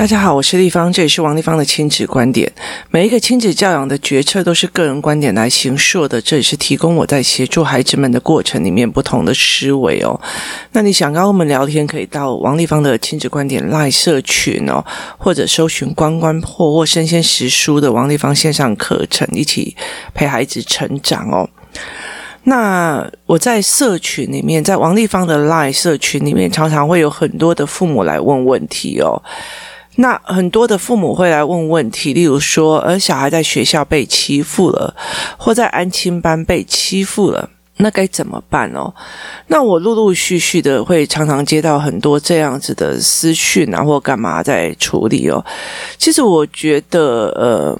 大家好，我是麗芳，這裡是王麗芳的親子觀點。每一個親子教養的決策都是個人觀點來行說的，這裡是提供我在協助孩子們的過程裡面不同的思維哦。那你想跟我們聊天，可以到王麗芳的親子觀點 LINE 社群哦，或者搜尋“關關破獲生鮮食書”的王麗芳線上課程，一起陪孩子成長哦。那我在社群裡面，在王麗芳的 LINE 社群裡面，常常會有很多的父母來問問題哦。那很多的父母會來問問題，例如說，呃，小孩在學校被欺負了，或在安親班被欺負了，那該怎麼辦哦？那我陸陸續續的會常常接到很多這樣子的私訊啊，然後幹嘛在處理哦。其實我覺得，呃。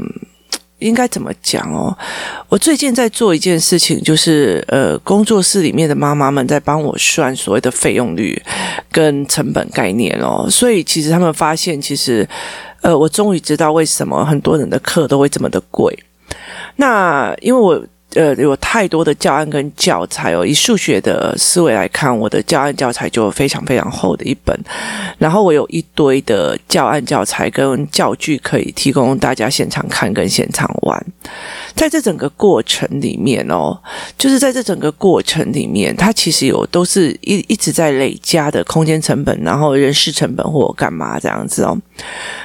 應該怎麼講哦？我最近在做一件事情，就是呃，工作室裡面的媽媽們在幫我算所謂的費用率跟成本概念哦。所以其實他們發現，其實呃，我終於知道為什麼很多人的課都會這麼的貴。那因為我。呃，有太多的教案跟教材哦。以數學的思維來看，我的教案教材就有非常非常厚的一本。然後我有一堆的教案教材跟教具可以提供大家現場看跟現場玩。在這整個過程裡面哦，就是在這整個過程裡面，它其實有都是一一直在累加的空間成本，然後人事成本或者幹嘛這樣子哦。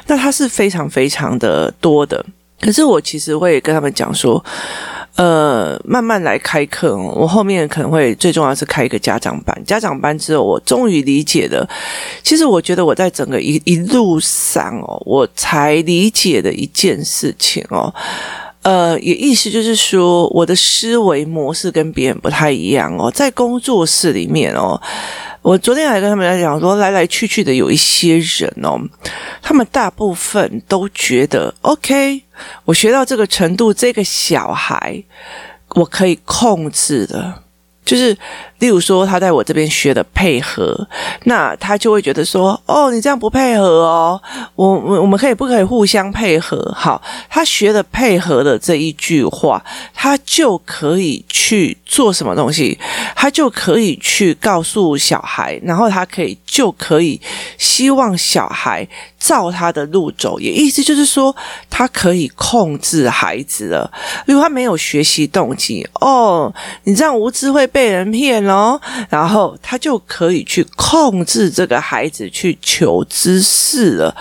那它是非常非常的多的。可是我其實會跟他們講說。呃，慢慢來開課，我後面可能會最重要是開一個家長班。家長班之後，我終於理解了。其實我覺得我在整個一一路上哦，我才理解的一件事情哦。呃，也意思就是說，我的思維模式跟別人不太一樣哦。在工作室裡面哦，我昨天還跟他們來講說，來來去去的有一些人哦，他們大部分都覺得 OK。我學到這個程度，這個小孩我可以控制的，就是例如說他在我這邊學的配合，那他就會覺得說：“哦，你這樣不配合哦，我我我們可以不可以互相配合？”好，他學的配合的這一句話，他就可以去做什麼東西，他就可以去告訴小孩，然後他可以就可以希望小孩，照他的路走，也意思就是說，他可以控制孩子了。如果他沒有學習動機哦，你這樣無知會被人騙囉，然後他就可以去控制這個孩子去求知識了。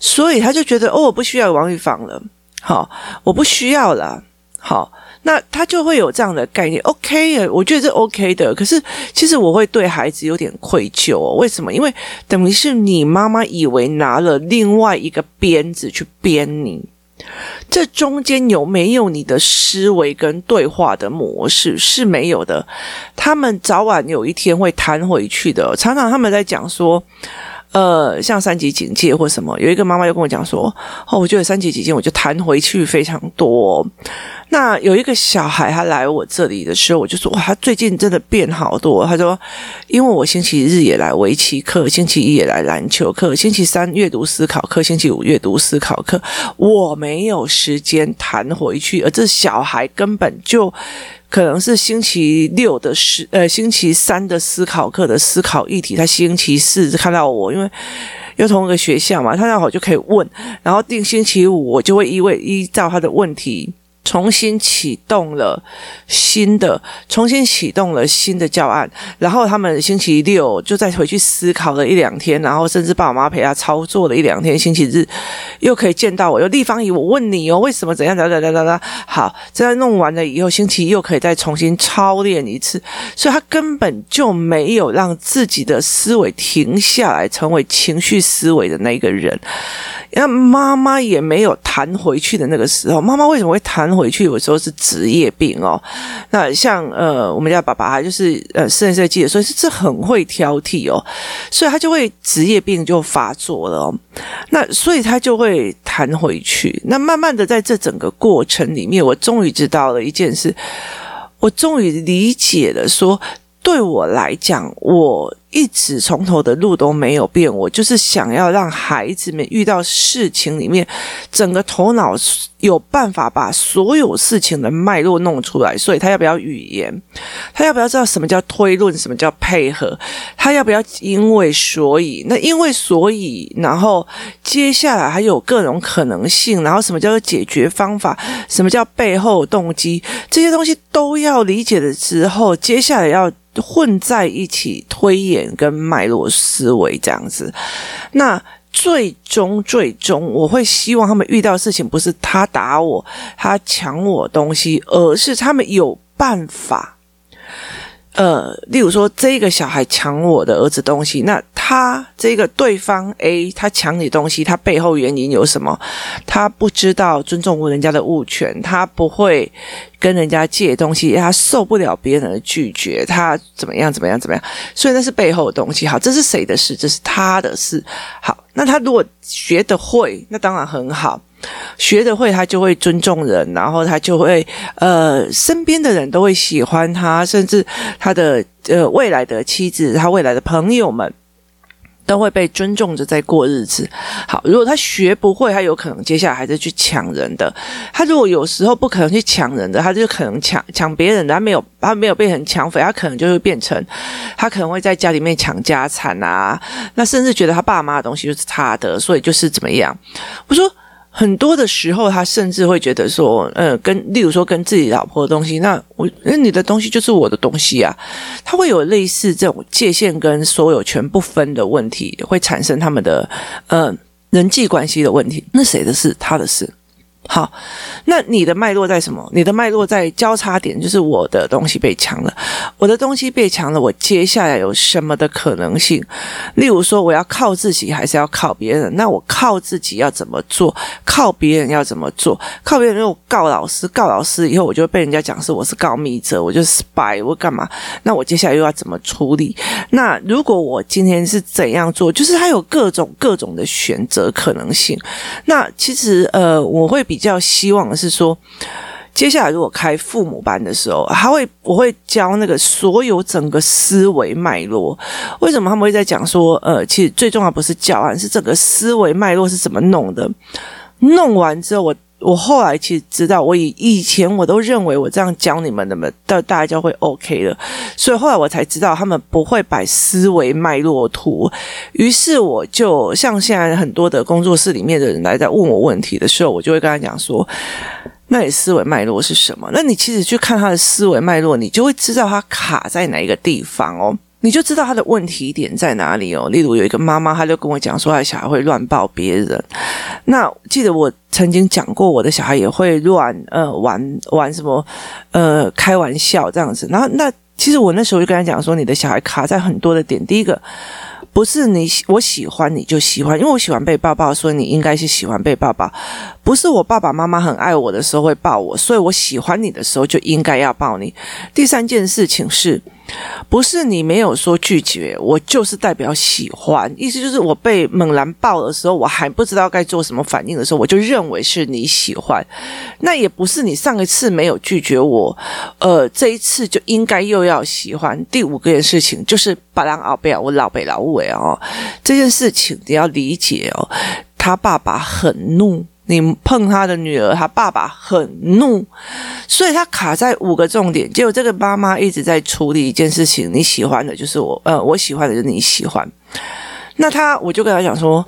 所以他就覺得哦，我不需要王麗芳了，好，我不需要了，好。那他就會有這樣的概念，OK，我覺得這 OK 的。可是其實我會對孩子有點愧疚哦、喔。為什麼？因為等於是你媽媽以為拿了另外一個鞭子去鞭你，這中間有沒有你的思維跟對話的模式是沒有的。他們早晚有一天會彈回去的。常常他們在講說。呃，像三級警戒或什麼，有一個媽媽又跟我講說，哦，我覺得三級警戒，我就彈回去非常多。那有一個小孩他來我這裡的時候，我就說，哇，他最近真的變好多。他說，因為我星期日也來圍棋課，星期一也來籃球課，星期三閱讀思考課，星期五閱讀思考課，我沒有時間彈回去，而這小孩根本就。可能是星期六的思，呃，星期三的思考課的思考議題，他星期四看到我，因為又同一個學校嘛，他那會就可以問，然後定星期五，我就會依為依照他的問題。重新啟動了新的，重新啟動了新的教案，然後他們星期六就再回去思考了一兩天，然後甚至爸爸媽媽陪他操作了一兩天，星期日又可以見到我，又立方體，我問你哦，為什麼怎樣？噠噠噠噠噠，好，這樣弄完了以後，星期一又可以再重新操練一次，所以他根本就沒有讓自己的思維停下來，成為情緒思維的那個人。那媽媽也沒有談回去的那個時候，媽媽為什麼會談？回去，有時候是職業病哦。那像呃，我們家爸爸他就是呃，私人設計，所以是很會挑剔哦，所以他就會職業病就發作了哦。那所以他就會彈回去。那慢慢的，在這整個過程裡面，我終於知道了一件事，我終於理解了說，說對我來講，我。一直從頭的路都沒有變，我就是想要讓孩子們遇到事情裡面，整個頭腦有辦法把所有事情的脈絡弄出來。所以，他要不要語言？他要不要知道什麼叫推論？什麼叫配合？他要不要因為所以？那因為所以，然後接下來還有各種可能性。然後，什麼叫做解決方法？什麼叫背後動機？這些東西都要理解了之後，接下來要混在一起推演。跟脈絡思維這樣子，那最終最終，我會希望他們遇到的事情不是他打我、他搶我東西，而是他們有辦法。呃，例如說，這個小孩搶我的兒子東西，那他這個對方 A，欸，他搶你東西，他背後原因有什麼？他不知道尊重過人家的物權，他不會，跟人家借東西，他受不了別人的拒絕，他怎麼樣怎麼樣怎麼樣，所以那是背後的東西。好，這是誰的事？這是他的事。好，那他如果學得會，那當然很好。學得會，他就會尊重人，然後他就會呃，身邊的人都會喜歡他，甚至他的呃未來的妻子，他未來的朋友們。都會被尊重着在過日子。好，如果他學不會，他有可能接下來還是去搶人的。他如果有時候不可能去搶人的，他就可能搶搶別人的。他沒有，他沒有變成搶匪，他可能就會變成，他可能會在家裡面搶家產啊。那甚至覺得他爸媽的東西就是他的，所以就是怎麼樣？我說。很多的時候，他甚至會覺得說，呃，跟例如說跟自己老婆的東西，那我那你的東西就是我的東西啊，他會有類似這種界限跟所有權不分的問題，會產生他們的呃人際關係的問題。那誰的事，他的事？好，那你的脈絡在什麼？你的脈絡在交叉點，就是我的東西被搶了，我的東西被搶了，我接下來有什麼的可能性？例如說，我要靠自己還是要靠別人？那我靠自己要怎麼做？靠別人要怎麼做？靠別人，我告老師，告老師以後，我就被人家講是我是告密者，我就是 spy，我幹嘛？那我接下來又要怎麼處理？那如果我今天是怎樣做，就是他有各種各種的選擇可能性。那其實，呃，我會比。比較希望的是說，接下來如果開父母班的時候，他會我會教那個所有整個思維脈絡。為什麼他們會在講說，呃，其實最重要不是教案，是整個思維脈絡是怎麼弄的，弄完之後我。我後來其實知道，我以以前我都認為我這樣教你們，的們，的嘛到大家就會 OK 了。所以後來我才知道，他們不會擺思維脈絡圖。於是我就像現在很多的工作室裡面的人來在問我問題的時候，我就會跟他講說：“那你思維脈絡是什麼？那你其實去看他的思維脈絡，你就會知道他卡在哪一個地方哦，你就知道他的問題點在哪裡哦。例如有一個媽媽，她就跟我講說，她小孩會亂抱別人。”那記得我曾經講過，我的小孩也會亂呃玩玩什麼，呃開玩笑這樣子。然後那其實我那時候就跟他講說，你的小孩卡在很多的點。第一個不是你我喜歡你就喜歡，因為我喜歡被抱抱，所以你應該是喜歡被抱抱。不是我爸爸媽媽很愛我的時候會抱我，所以我喜歡你的時候就應該要抱你。第三件事情是。不是你沒有說拒絕，我就是代表喜歡。意思就是我被猛然抱的時候，我還不知道該做什麼反應的時候，我就認為是你喜歡。那也不是你上一次沒有拒絕我，呃，這一次就應該又要喜歡。第五個事情就是巴梁奧貝我老北老偉哦，這件事情你要理解哦，他爸爸很怒。你碰他的女兒，他爸爸很怒，所以他卡在五個重點。結果這個媽媽一直在處理一件事情。你喜歡的就是我，呃，我喜歡的就是你喜歡。那他，我就跟他講說，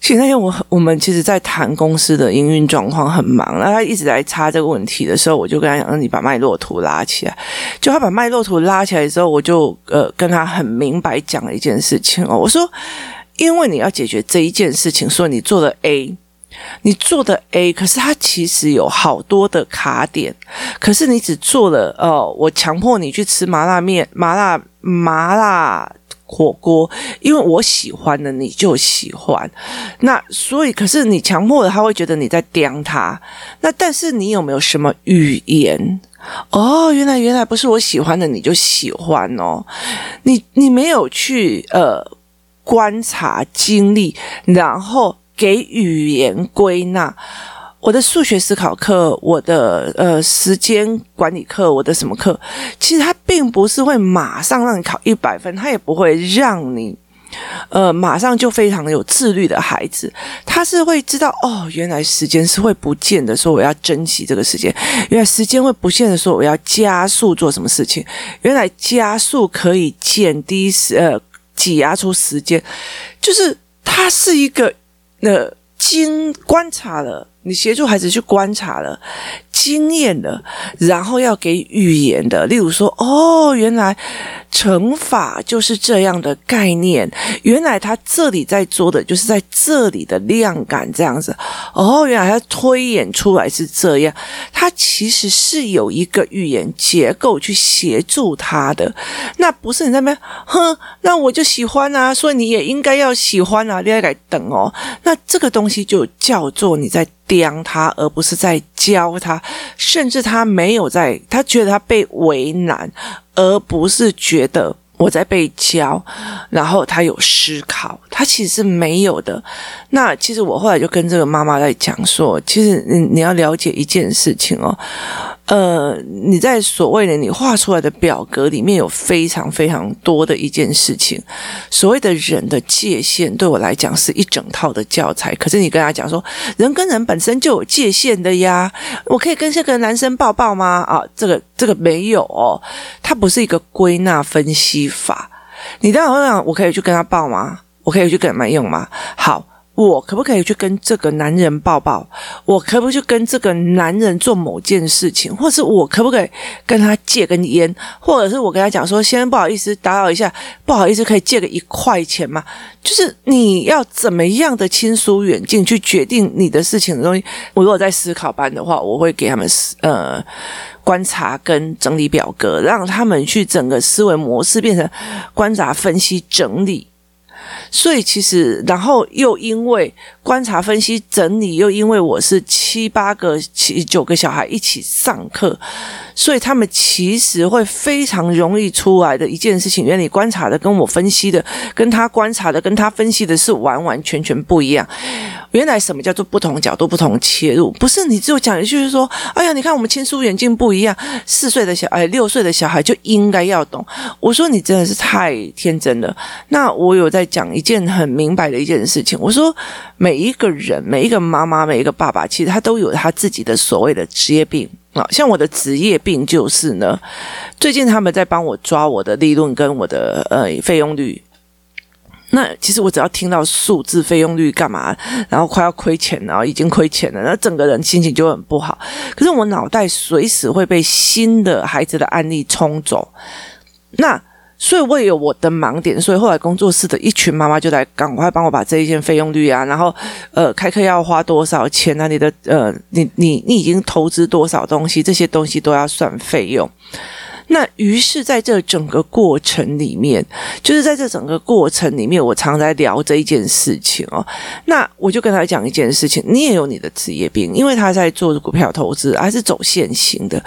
其實那天我我們其實，在談公司的營運狀況，很忙。那他一直在插這個問題的時候，我就跟他講，呃，你把脈絡圖拉起來。就他把脈絡圖拉起來之後，我就呃跟他很明白講了一件事情哦，我說，因為你要解決這一件事情，所以你做了 A。你做的 A，可是它其實有好多的卡點，可是你只做了哦，我強迫你去吃麻辣麵、麻辣麻辣火鍋，因為我喜歡的你就喜歡，那所以可是你強迫的，他會覺得你在刁他。那但是你有沒有什麼語言？哦，原來原來不是我喜歡的你就喜歡哦，你你沒有去呃觀察經歷，然後。給語言歸納，我的數學思考課，我的呃時間管理課，我的什麼課？其實它並不是會馬上讓你考一百分，它也不會讓你呃馬上就非常有自律的孩子。他是會知道哦，原來時間是會不見的，說我要珍惜這個時間；原來時間會不見的，說我要加速做什麼事情。原來加速可以減低時呃，擠壓出時間，就是它是一個。的經觀察了，你協助孩子去觀察了。經驗的，然後要給語言的。例如說，哦，原來乘法就是這樣的概念。原來他這裡在做的就是在這裡的量感這樣子。哦，原來他推演出來是這樣。他其實是有一個語言結構去協助他的。那不是你在那邊哼，那我就喜歡啊，所以你也應該要喜歡啊，你要來等哦。那這個東西就叫做你在雕他，而不是在教他。甚至他沒有在，他覺得他被為難，而不是覺得我在被教。然後他有思考，他其實是沒有的。那其實我後來就跟這個媽媽在講說，其實你你要了解一件事情哦。呃，你在所謂的你畫出來的表格裡面有非常非常多的一件事情，所謂的人的界限，對我來講是一整套的教材。可是你跟他講說，人跟人本身就有界限的呀，我可以跟這個男生抱抱嗎？啊，這個這個沒有，哦，它，不是一個歸納分析法。你當然會想，我可以去跟他抱嗎？我可以去跟他用嗎？好。我可不可以去跟這個男人抱抱？我可不可以去跟這個男人做某件事情，或者是我可不可以跟他借根煙？或者是我跟他講說，先生不好意思打擾一下，不好意思可以借個一塊錢嗎？就是你要怎麼樣的親疏遠近去決定你的事情的東西。我如果在思考班的話，我會給他們呃觀察跟整理表格，讓他們去整個思維模式變成觀察、分析、整理。所以其實，然後又因為觀察、分析、整理，又因為我是七八個、七九個小孩一起上課，所以他們其實會非常容易出來的一件事情。原來你觀察的、跟我分析的、跟他觀察的、跟他分析的是完完全全不一樣。原來什麼叫做不同角度、不同切入？不是你就講一句，就是說，哎呀，你看我們親疏遠近不一樣，四歲的小孩，六歲的小孩就應該要懂。我說你真的是太天真了。那我有在講一。一件很明白的一件事情，我說每一個人、每一個媽媽、每一個爸爸，其實他都有他自己的所謂的職業病啊、哦。像我的職業病就是呢，最近他們在幫我抓我的利潤跟我的呃費用率。那其實我只要聽到數字、費用率幹嘛，然後快要虧錢，然後已經虧錢了，那整個人心情就很不好。可是我腦袋隨時會被新的孩子的案例沖走。那。所以我也有我的盲點，所以後來工作室的一群媽媽就來趕快幫我把這一件費用率啊，然後呃開課要花多少錢啊，你的呃你你你已經投資多少東西，這些東西都要算費用。那於是在這整個過程裡面，就是在這整個過程裡面，我常常在聊這一件事情哦。那我就跟他講一件事情，你也有你的職業病，因為他在做股票投資，他是走線型的。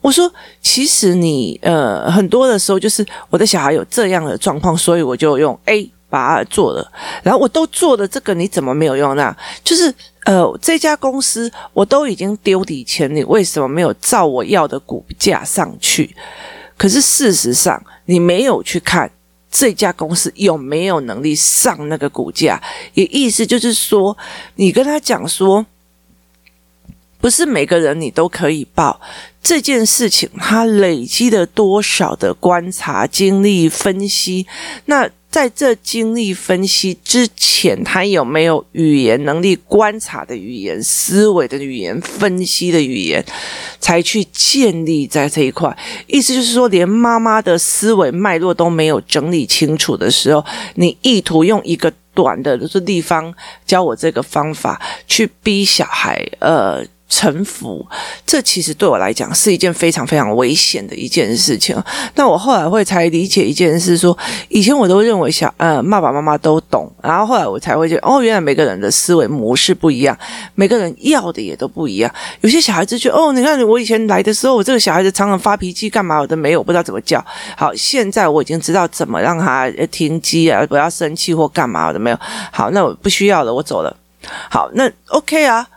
我說，其實你呃，很多的時候就是我的小孩有這樣的狀況，所以我就用 A。把它做了，然後我都做了，這個你怎麼沒有用呢、啊？就是呃，這家公司我都已經丟底錢，你為什麼沒有照我要的股價上去？可是事實上，你沒有去看這家公司有沒有能力上那個股價。也意思就是說，你跟他講說，不是每個人你都可以抱這件事情，他累積了多少的觀察、經歷、分析，那。在這經歷分析之前，他有沒有語言能力、觀察的語言、思維的語言、分析的語言，才去建立在這一塊？意思就是說，連媽媽的思維脈絡都沒有整理清楚的時候，你意圖用一個短的、就是立方教我這個方法，去逼小孩呃。臣服，這其實對我來講是一件非常非常危險的一件事情。那我後來會才理解一件事說，說以前我都認為小呃爸爸媽媽都懂，然後後來我才會覺得哦，原來每個人的思維模式不一樣，每個人要的也都不一樣。有些小孩子就哦，你看我以前來的時候，我這個小孩子常常發脾氣，幹嘛，我都沒有，我不知道怎麼叫。好，現在我已經知道怎麼讓他停機啊，不要生氣或幹嘛，我都沒有。好，那我不需要了，我走了。好，那 OK 啊。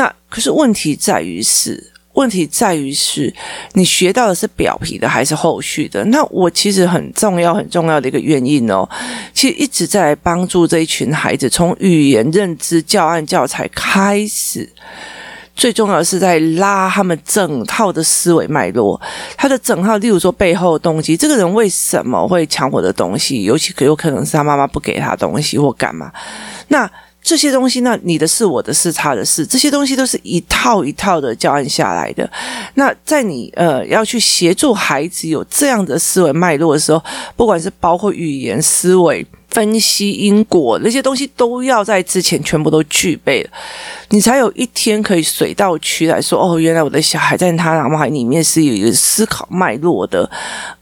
那可是問題在於是，問題在於是你學到的是表皮的還是後續的？那我其實很重要很重要的一個原因哦，其實一直在幫助這一群孩子，從語言認知教案教材開始，最重要的是在拉他們整套的思維脈絡，他的整套，例如說背後動機，這個人為什麼會搶我的東西？尤其可有可能是他媽媽不給他東西或幹嘛？那。這些東西呢？那你的事、我的事、他的事，這些東西都是一套一套的教案下來的。那在你呃要去協助孩子有這樣的思維脈絡的時候，不管是包括語言思維、分析因果那些東西，都要在之前全部都具備了，你才有一天可以水到渠來說哦，原來我的小孩在他腦海裡面是有一個思考脈絡的，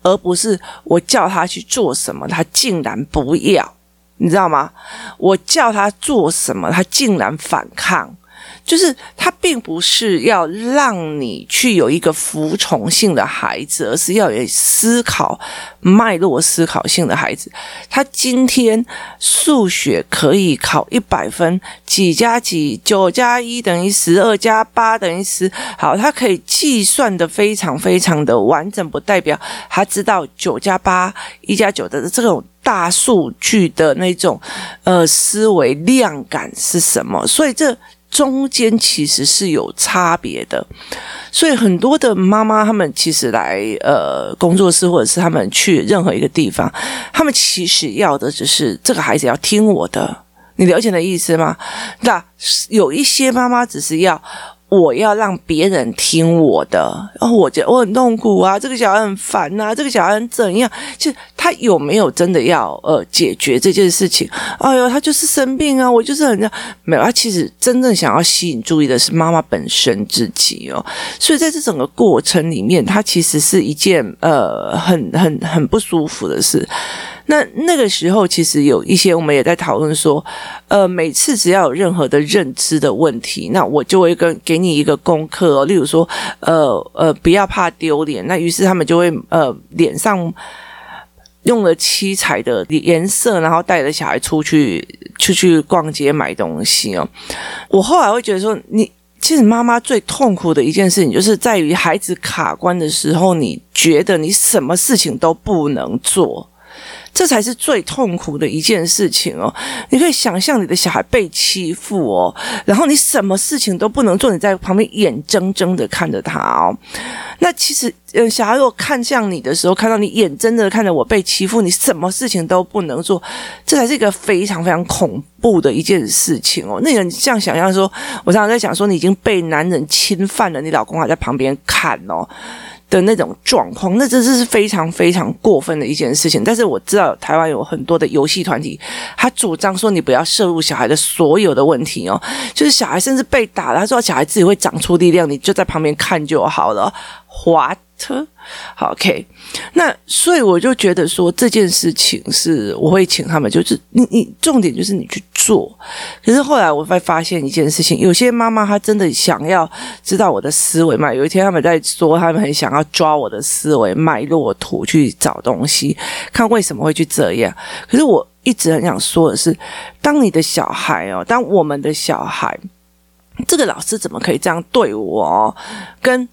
而不是我叫他去做什麼，他竟然不要。你知道嗎？我叫他做什麼，他竟然反抗。就是他並不是要讓你去有一個服從性的孩子，而是要有思考脈絡、思考性的孩子。他今天數學可以考一百分，幾加幾，九加一等於十，二加八等於十。好，他可以計算得非常非常的完整，不代表他知道九加八、一加九的這種。大數據的那種呃思維量感是什麼？所以這中間其實是有差別的。所以很多的媽媽，他們其實來呃工作室，或者是他們去任何一個地方，他們其實要的只、就是這個孩子要聽我的，你了解的意思嗎？那有一些媽媽只是要。我要讓別人聽我的，然、哦、後我覺得我很痛苦啊，這個小孩很煩吶、啊，這個小孩很怎樣？其實他有沒有真的要呃解決這件事情？哎喲他就是生病啊，我就是很這樣沒有，他、啊、其實真正想要吸引注意的是媽媽本身自己哦，所以在這整個過程裡面，他其實是一件呃很很很不舒服的事。那那個時候，其實有一些我們也在討論說，呃，每次只要有任何的認知的問題，那我就會跟給你一個功課哦，例如說，呃呃，不要怕丟臉。那於是他們就會呃臉上用了七彩的顏色，然後帶着小孩出去出去逛街買東西哦。我後來會覺得說，你其實媽媽最痛苦的一件事情就是在於孩子卡關的時候，你覺得你什麼事情都不能做。這才是最痛苦的一件事情哦！你可以想象你的小孩被欺負哦，然後你什麼事情都不能做，你在旁邊眼睜睜的看着他哦。那其實，小孩又看向你的時候，看到你眼睜睜的看着我被欺負，你什麼事情都不能做，這才是一個非常非常恐怖的一件事情哦。那你這樣想象說，我常常在想說，你已經被男人侵犯了，你老公還在旁邊看哦。的那種狀況，那真的是非常非常過分的一件事情。但是我知道台灣有很多的遊戲團體，他主張說你不要涉入小孩的所有的問題哦，就是小孩甚至被打了，他說小孩自己會長出力量，你就在旁邊看就好了。滑。車好，OK，那所以我就覺得說，這件事情是，我會請他們，就是你你，重點就是你去做。可是後來我會發現一件事情，有些媽媽她真的想要知道我的思維嘛。有一天他們在說，他們很想要抓我的思維脈絡圖去找東西，看為什麼會去這樣。可是我一直很想說的是，當你的小孩哦，當我們的小孩，這個老師怎麼可以這樣對我哦？跟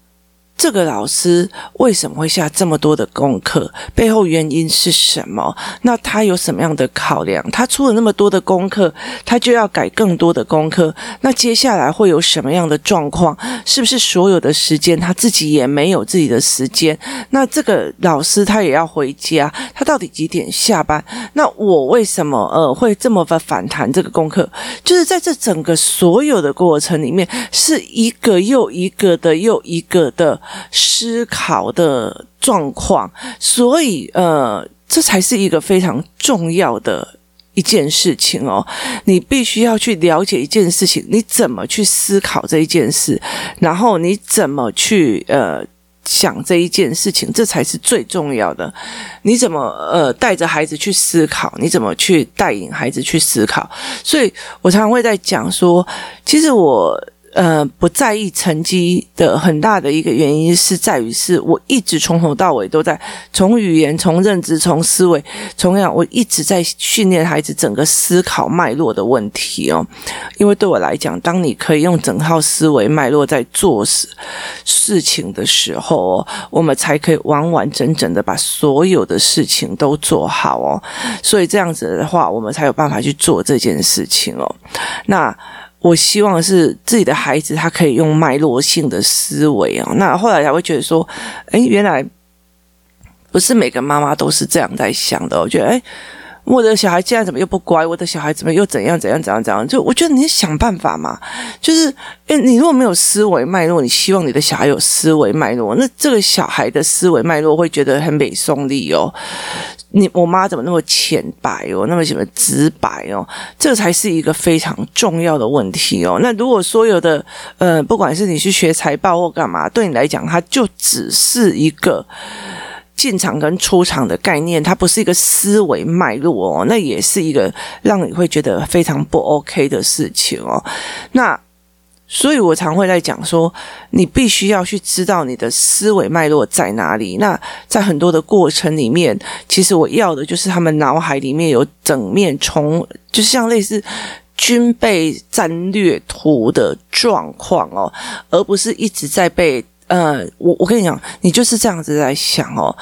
這個老師為什麼會下這麼多的功課？背後原因是什麼？那他有什麼樣的考量？他出了那麼多的功課，他就要改更多的功課。那接下來會有什麼樣的狀況？是不是所有的時間他自己也沒有自己的時間？那這個老師他也要回家，他到底幾點下班？那我為什麼呃會這麼反彈這個功課？就是在這整個所有的過程裡面，是一個又一個的又一個的。思考的狀況，所以呃，這才是一個非常重要的一件事情哦。你必須要去了解一件事情，你怎麼去思考這一件事，然後你怎麼去呃想這一件事情，這才是最重要的。你怎麼呃帶着孩子去思考，你怎麼去帶領孩子去思考？所以我常常會在講說，其實我。呃，不在意成績的很大的一個原因是在於是我一直從頭到尾都在從語言、從認知、從思維、從樣，我一直在訓練孩子整個思考脈絡的問題哦。因為對我來講，當你可以用整套思維脈絡在做事事情的時候哦，我們才可以完完整整的把所有的事情都做好哦。所以這樣子的話，我們才有辦法去做這件事情哦。那。我希望是自己的孩子，他可以用脈絡性的思維哦。那後來才會覺得說，欸，原來不是每個媽媽都是這樣在想的喔。我覺得，欸，我的小孩現在怎麼又不乖？我的小孩怎麼又怎樣怎樣怎樣怎樣？就我覺得你想辦法嘛。就是，欸，你如果沒有思維脈絡，你希望你的小孩有思維脈絡，那這個小孩的思維脈絡會覺得很沒動力哦。你我媽怎麼那麼淺白哦，那麼什麼直白哦？這才是一個非常重要的問題哦。那如果所有的呃，不管是你去學財報或幹嘛，對你來講，它就只是一個進場跟出場的概念，它不是一個思維脈絡哦。那也是一個讓你會覺得非常不 OK 的事情哦。那。所以，我常會在講說，你必須要去知道你的思維脈絡在哪裡。那在很多的過程裡面，其實我要的就是他們腦海裡面有整面，從就像類似軍備戰略圖的狀況哦，而不是一直在被呃，我我跟你講，你就是這樣子在想哦。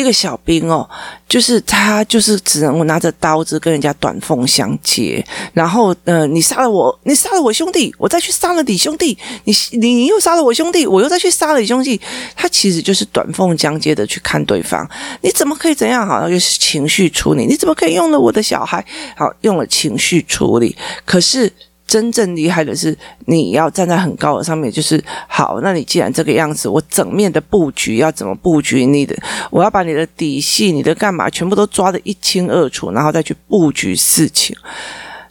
一個小兵哦，就是他，就是只能拿着刀子跟人家短兵相接，然後，嗯、呃，你殺了我，你殺了我兄弟，我再去殺了你兄弟，你你，你又殺了我兄弟，我又再去殺了你兄弟，他其實就是短兵相接的去看對方，你怎麼可以怎樣？好，就是情緒處理，你怎麼可以用了我的小孩？好，用了情緒處理，可是。真正厲害的是，你要站在很高的上面，就是好。那你既然這個樣子，我整面的布局要怎麼布局？你的，我要把你的底細、你的幹嘛，全部都抓的一清二楚，然後再去布局事情。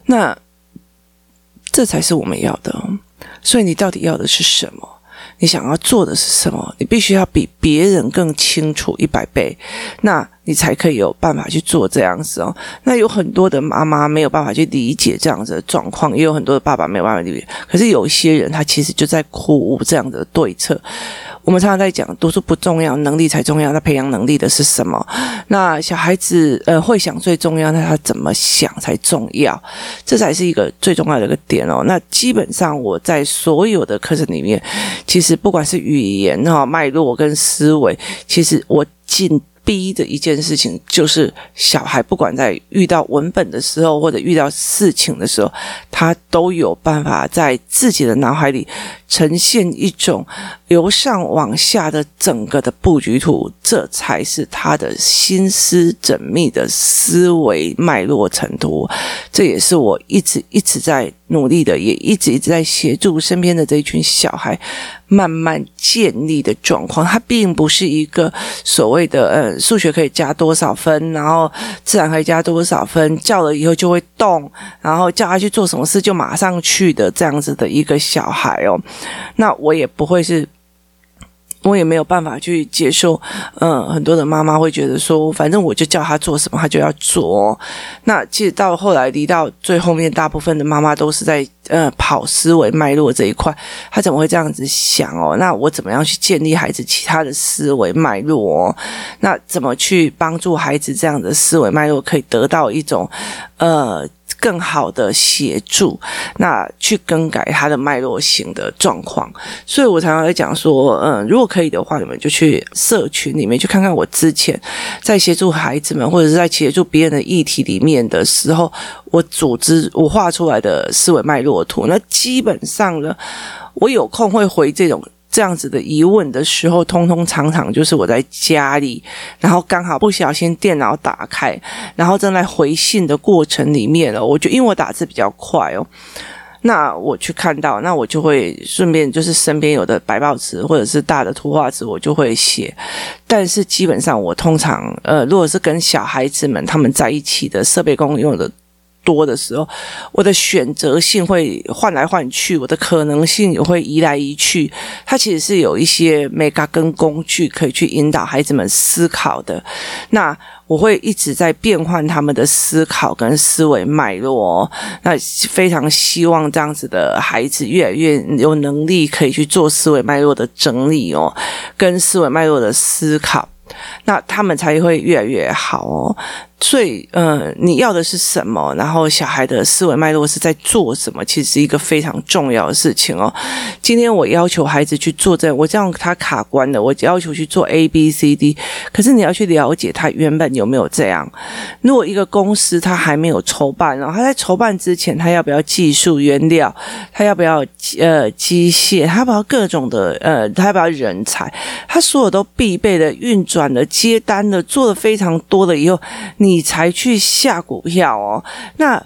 那這才是我們要的、哦。所以你到底要的是什麼？你想要做的是什麼？你必須要比。別人更清楚一百倍，那你才可以有辦法去做這樣子哦。那有很多的媽媽沒有辦法去理解，這樣子的狀況，也有很多的爸爸沒有辦法理解。可是有一些人，他其實就在苦無這樣子的對策。我們常常在講，讀書不重要，能力才重要。那培養能力的是什麼？那小孩子呃會想最重要，那他怎麼想才重要？這才是一個最重要的一個點哦。那基本上我在所有的課程裡面，其實不管是語言哦，脈絡跟，思維其實，我緊逼的一件事情就是，小孩不管在遇到文本的時候，或者遇到事情的時候，他都有辦法在自己的腦海裡呈現一種由上往下的整個的布局圖，這才是他的心思縝密的思維脈絡成圖。這也是我一直一直在。努力的，也一直一直在協助身邊的這一群小孩，慢慢建立的狀況，他並不是一個所謂的呃、嗯、數學可以加多少分，然後自然可以加多少分，叫了以後就會動，然後叫他去做什麼事就馬上去的這樣子的一個小孩哦。那我也不會是。我也沒有辦法去接受，嗯，很多的媽媽會覺得說，反正我就叫他做什麼，他就要做哦。那其實到後來，離到最後面，大部分的媽媽都是在呃跑思維脈絡這一塊。他怎麼會這樣子想哦？那我怎麼樣去建立孩子其他的思維脈絡哦？那怎麼去幫助孩子這樣的思維脈絡可以得到一種呃，更好的協助，那去更改他的脈絡型的狀況，所以我常常會講說，嗯，如果可以的話，你們就去社群裡面去看看我之前在協助孩子們，或者是在協助別人的議題裡面的時候，我組織我畫出來的思維脈絡圖。那基本上呢，我有空會回這種。這樣子的疑問的時候，通通常常就是我在家裡，然後剛好不小心電腦打開，然後正在回信的過程裡面哦，我就因為我打字比較快哦，那我去看到，那我就會順便就是身邊有的白報紙或者是大的圖畫紙，我就會寫。但是基本上我通常呃，如果是跟小孩子們他們在一起的設備公用的。多的時候，我的選擇性會換來換去，我的可能性也會移來移去。它其實是有一些 mega 跟工具可以去引導孩子們思考的。那我會一直在變換他們的思考跟思維脈絡哦。那非常希望這樣子的孩子越來越有能力，可以去做思維脈絡的整理哦，跟思維脈絡的思考。那他們才會越來越好哦。最呃、嗯，你要的是什麼？然後小孩的思維脈絡是在做什麼？其實是一個非常重要的事情哦。今天我要求孩子去做這樣，我這樣他卡關了。我要求去做 A、B、C、D，可是你要去了解他原本有沒有這樣。如果一個公司他還沒有籌辦，然後他在籌辦之前，他要不要技術原料？他要不要呃機械？他要不要各種的呃？他要不要人才？他所有都必備的、運轉的、接單的、做的非常多了以後，你。你才去下股票哦，那，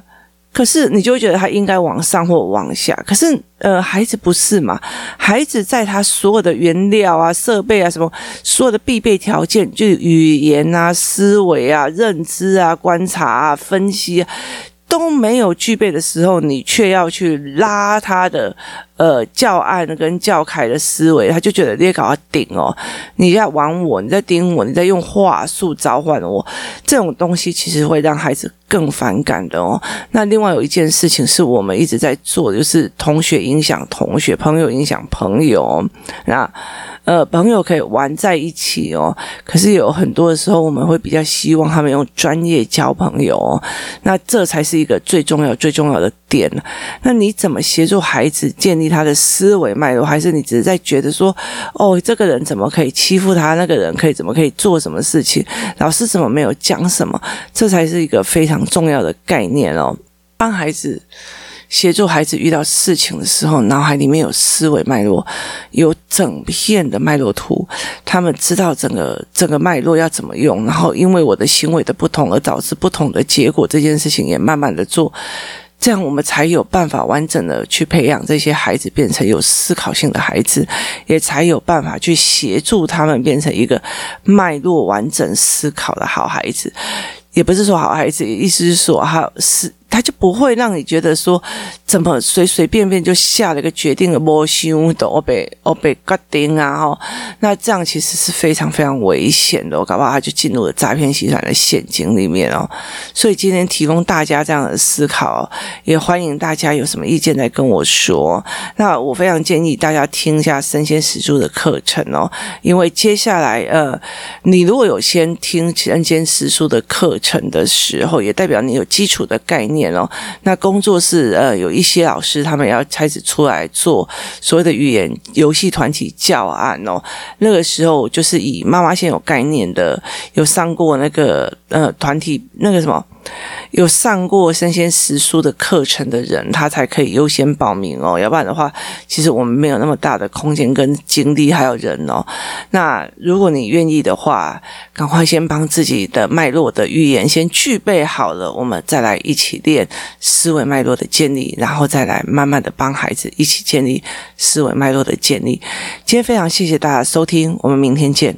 可是你就會覺得他應該往上或往下，可是呃，孩子不是嘛？孩子在他所有的原料啊、設備啊、什麼所有的必備條件，就語言啊、思維啊、認知啊、觀察啊、分析啊。都沒有具備的時候，你卻要去拉他的呃教案、跟教楷的思維，他就覺得你搞他頂哦，你在玩我，你在盯我，你在用話術召喚我，這種東西其實會讓孩子更反感的哦。那另外有一件事情是我們一直在做的，就是同學影響同學，朋友影響朋友，那。呃，朋友可以玩在一起哦，可是有很多的時候，我們會比較希望他們用專業交朋友哦，那這才是一個最重要、最重要的點。那你怎麼協助孩子建立他的思維脈絡？還是你只是在覺得說，哦，這個人怎麼可以欺負他？那個人可以怎麼可以做什麼事情？老師怎麼沒有講什麼？這才是一個非常重要的概念哦，幫孩子。協助孩子遇到事情的時候，腦海裡面有思維脈絡，有整片的脈絡圖。他們知道整個整個脈絡要怎麼用，然後因為我的行為的不同而導致不同的結果。這件事情也慢慢的做，這樣我們才有辦法完整的去培養這些孩子變成有思考性的孩子，也才有辦法去協助他們變成一個脈絡完整思考的好孩子。也不是說好孩子，意思是說好是。他就不會讓你覺得說，怎麼隨隨便便就下了一個決定的模型，的哦被哦被搞定啊哈、哦，那這樣其實是非常非常危險的，哦，搞不好他就進入了詐騙集團的陷阱裡面哦。所以今天提供大家這樣的思考，也歡迎大家有什麼意見來跟我說。那我非常建議大家聽一下《身鮮食助》的課程哦，因為接下來呃，你如果有先聽《身兼食助》的課程的時候，也代表你有基礎的概念。哦，那工作室呃有一些老師，他們要開始出來做所謂的語言遊戲團體教案哦。那個時候就是以媽媽先有概念的，有上過那個呃團體那個什麼？有上過《生鮮時書》的課程的人，他才可以優先報名哦。要不然的話，其實我們沒有那麼大的空間、跟精力，還有人哦。那如果你願意的話，趕快先幫自己的脈絡的語言先具備好了，我們再來一起練思維脈絡的建立，然後再來慢慢的幫孩子一起建立思維脈絡的建立。今天非常謝謝大家收聽，我們明天見。